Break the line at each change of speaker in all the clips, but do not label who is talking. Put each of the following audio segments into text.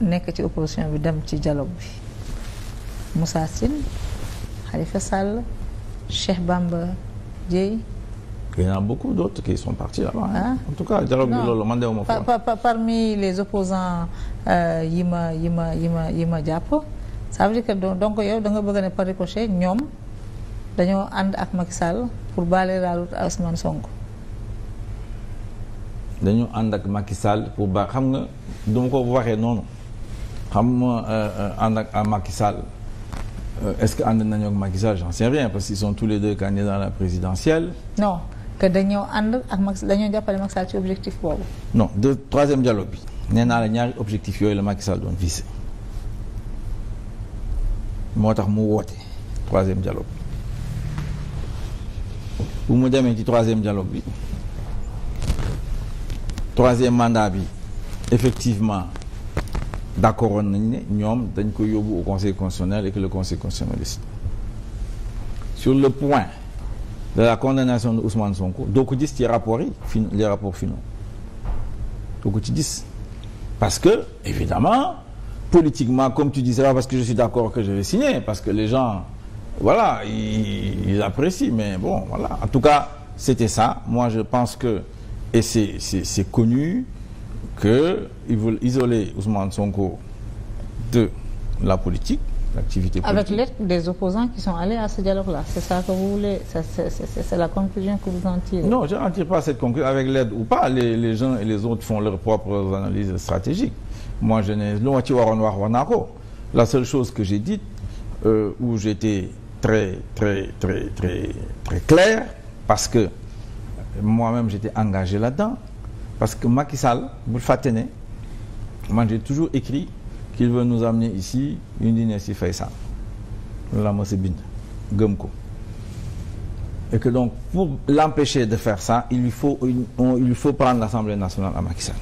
nekk ci opposition bi dem ci dialogue bi Moussa Sine Khalifa Sall Cheikh Bamba Dièye
il y en a beaucoup d'autres qui sont partis là-bas hein? Ah. en bi loolu man de ma fa
par, par, parmi les opposants euh, yi ma yi ma yi ma jàpp ça veut dire que donc yow da nga bëgg ne par ricochet ñoom dañoo ànd ak Macky Sall pour balayer la route à Ousmane Sonko
dañoo ànd ak xam nga du ko waxee noonu xam euh, euh, ànd ak euh, Macky Sall est-ce que ànd nañu ak Macky Sall j'en sais rien parce qu'ils sont tous les deux candidats à la présidentielle.
non que dañoo ànd ak Macky dañoo jàppale Macky Sall ci objectif boobu.
non de troisième dialogue bi. nee naa la ñaari objectif yooyu la Macky Sall doon visé moo tax mu woote troisième dialogue bu mu demee ci troisième dialogue bi troisième mandat bi effectivement. d' accord woon nañ ne ñoom dañ ko yóbbu au conseil constitutionnel et que le conseil constitutionnel décide sur le point de la condamnation de Ousmane Sonko doo ko gis ci rapports yi fin les rapports finaux doo ko ci gis parce que évidemment politiquement comme tu dis c'est pas parce que je suis d'accord que je vais signer parce que voilà ils, ils mais bon voilà en tout cas c'était ça moi je pense que et c'est c'est que ils veulent isoler Ousmane Sonko de la politique, l'activité politique. Avec
l'aide des opposants qui sont allés à ce dialogue-là, c'est ça que vous voulez, c'est la conclusion que vous en tirez. Non, je
n'en tire pas cette conclusion. Avec l'aide ou pas, les, les gens et les autres font leurs propres analyses stratégiques. Moi, je n'ai... lu ma ci waroon wax wax naa ko la seule chose que j'ai dite euh, où j'étais très très très très très clair parce que moi-même j'étais engagé là-dedans parce que Macky Sall bul fàtte ne man j'ai toujours écrit qu'il veut nous amener ici une dynastie Faysal loolu laa mës a bind gëm ko et que donc pour l'empêcher de faire ça il lui faut une, on, il lui faut prendre l'Assemblée nationale à Macky Sall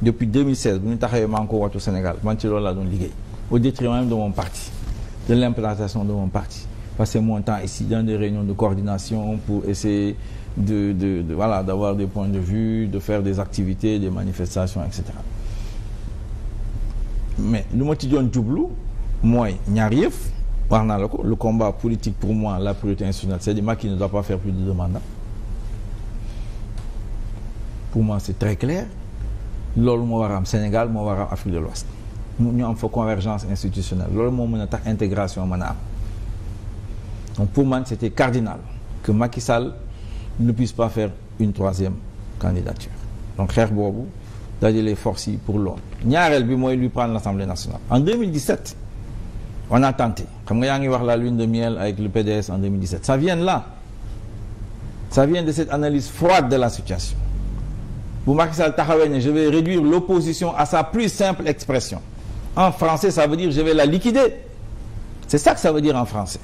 depuis 2016 bu ñu taxawee maa ngi ko wàccu Sénégal man ci loolu laa doon liggéey au de mon parti de l'implantation de mon parti passer mon temps ici dans des réunions de coordination pour essayer de, de, de voilà, d'avoir des points de vue, de faire de activités, des manifestations, etc. Mais lu ma ci doon jublu mooy ñaar yëf wax naa la ko le combat politique pour moi la priorité institutionnelle c'est-à-dire Macky ne doit pas faire plus de deux mandats pour moi c'est très clair loolu moo war a am Sénégal moo war a am Afrique de l'Ouest ñu am fa convergence institutionnelle loolu moo mën a tax intégration mën a am Donc pour moi, c'était cardinal que Macky Sall ne puisse pas faire une troisième candidature. Donc xeex boobu dajale force yi pour lool ñaareel bi mooy lui prendre l'Assemblée nationale. En 2017 on a tenté xam nga yaa ngi wax la lune de miel avec le PDS en 2017 ça vient là ça vient de cette analyse froide de la situation bu Macky Sall taxawee ne je vais réduire l'opposition à sa plus simple expression en français ça veut dire je vais la liquider c'est ça que ça veut dire en français.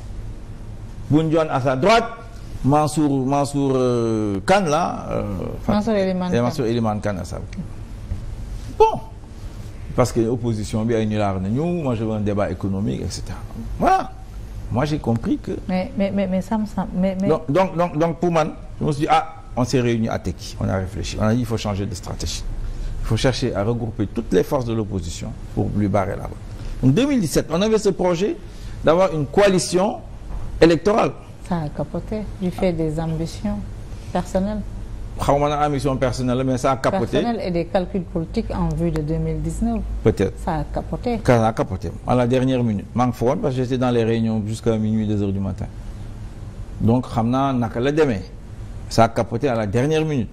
pou à sa droite Mansour Mansour euh, Kane là. Euh, Mansour
Eliman Kane Mansour
Eliman Kane à sa bon parce que opposition bi ay nulaar nañu moi je veux un débat économique et cetera voilà moi j'ai compris que.
mais mais mais mais Sam Sam mais mais. donc
donc donc, donc pour man je me suis dit ah on s'est réunis à Tekki on a réfléchi on a dit il faut de stratégie. il faut chercher à regrouper toutes les forces de l'opposition pou lui barrer la route. En on avait ce projet une coalition électorale.
ça a capoté du fait des ambitions personnelles.
xaw ma na ambition personnelle mais ça a capoté personnelle
et des calculs politiques en vue de 2019. peut-être ça a capoté.
ça a capoté la dernière minute maa ngi fa woon parce que j'étais dans les réunions jusqu'à minuit deux heures du matin donc xam naa naka la demee sa a capoté à la dernière minute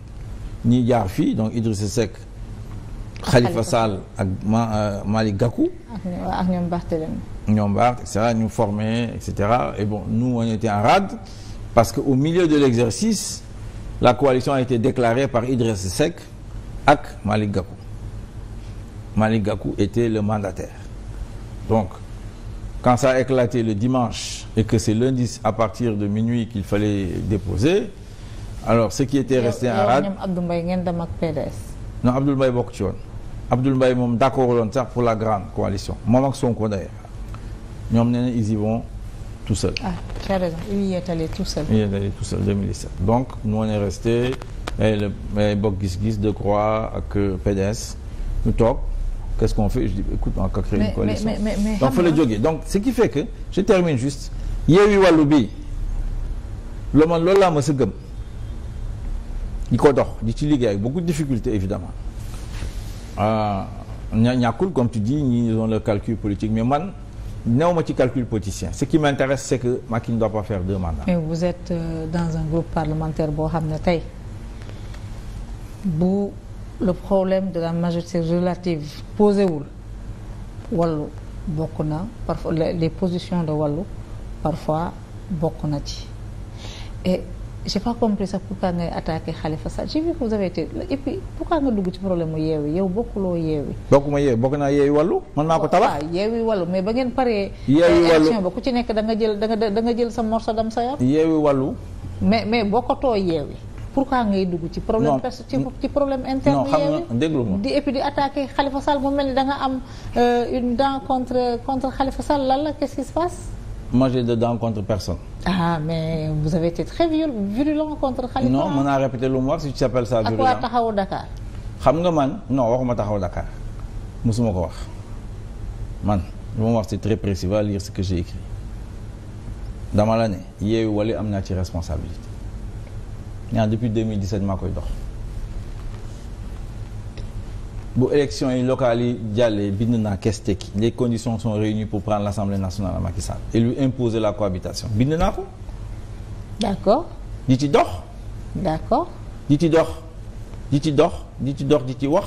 ñi jaar fii donc Idrissa Seck. Khalifa Sall ak ma euh, Malick Gakou.
ak ñoom Barthélémy.
ñoom Barth et ñu formé et cetera nous on était en rade parce que au milieu de l'exercice la coalition a été déclarée par Idriss Seck ak Malick Gakou Malick Gakou était le mandataire donc quand ça éclaté le dimanche et que c'est lundi à partir de minuit qu'il fallait déposer alors ce qui était resté en rade.
ngeen dem ak PDS.
non Abdoul Mbaye bokk ci woon. Abdoul Mbaye moom d' accord loon sax la grande coalition moom ak Sonko d'ailleurs ñoom nee na ils y vont tout seul.
ah tu as raison il
gis Gis Gis Decroix ak euh, PDS ñu toog qu'est-ce je dis écoute on va créer une coalition mais mais mais donc fa la jógee donc ce qui fait que je termine juste. Yewwi Wallu bi loo man loolu laa ma sa gëm. di ko dox di ci liggéey ak beaucoup de Ah, ña ñàkkul comme tu dis ñi ont le calcul politique mais man néew ma ci calcul politicien ce qui m'intéresse c'est que Macky ne doit pas faire deux mandats.
mais vous êtes euh, dans un groupe parlementaire boo xam ne tey bu le problème de la majorité relative posé wul wàllu bokk na parfois les positions de wàllu parfois bokk na ci j'ai pas compris sax pourquoi ngay attaqué Khalifa Sall j'ai vu que vous avez été et puis nga dugg ci problème mu yeewi yow bokkuloo yeewi.
bokkuma yeewi bokk naa yeewi wàllu man maa ko tabax waaw
yeewi wàllu mais ngeen paree. yeewi ku ci nekk da jël da nga da nga jël sa morso sa yar.
yeewi wallu
mais mais bokkatoo yeewi. pourquoi ngay dugg ci problème. perso ci problème interne. yeewi déglu ma di et puis di attaqué Khalifa Sall mu mel ni da nga am euh, une dent contre contre Khalifa Sall lan la qu'est-ce qui
moi j'ai dedans contre personne.
ah mais vous avez été très virulent contre non mën
naa répéter lu mu wax si tu appelles ça virulent. ak waa
taxawu Dakar.
xam nga man non waxuma taxaw Dakar mosuma ko wax man lu ma wax si trè précis va lire ce que j'ai écrit dama la ne yeewu wala am naa ci responsabilité ñaa depuis 2017 maa koy dox. bu élections yi locales yi jàllee bind naa kes tekki les conditions sont réunies pour prendre l'Assemblée nationale à Macky Sall et lui imposer la cohabitation bind naa ko. d'accord. di ci dox. d'accord. di ci dox di ci dox di ci dox di ci wax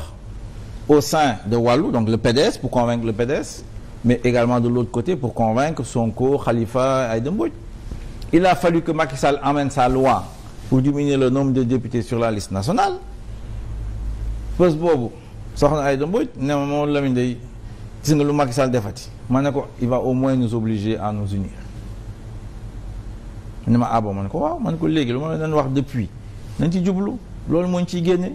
au sein de Wallu donc le PDS pour convaincre le PDS mais également de l'autre côté pour convaincre Sonko Khalifa Aïda Mbodj il a fallu que Macky Sall amène sa loi pour diminuer le nombre de députés sur la liste nationale soxna Aïda Mbodj ne ma moom Lamine day gis nga lu Macky Sall defati ma ne ko il va au moins nous obliger à nous unir ne ma abo ah ma ne ko waaw man ne ko léegi lu ma leen wax depuis nañ ci jublu loolu moo ñu ciy génne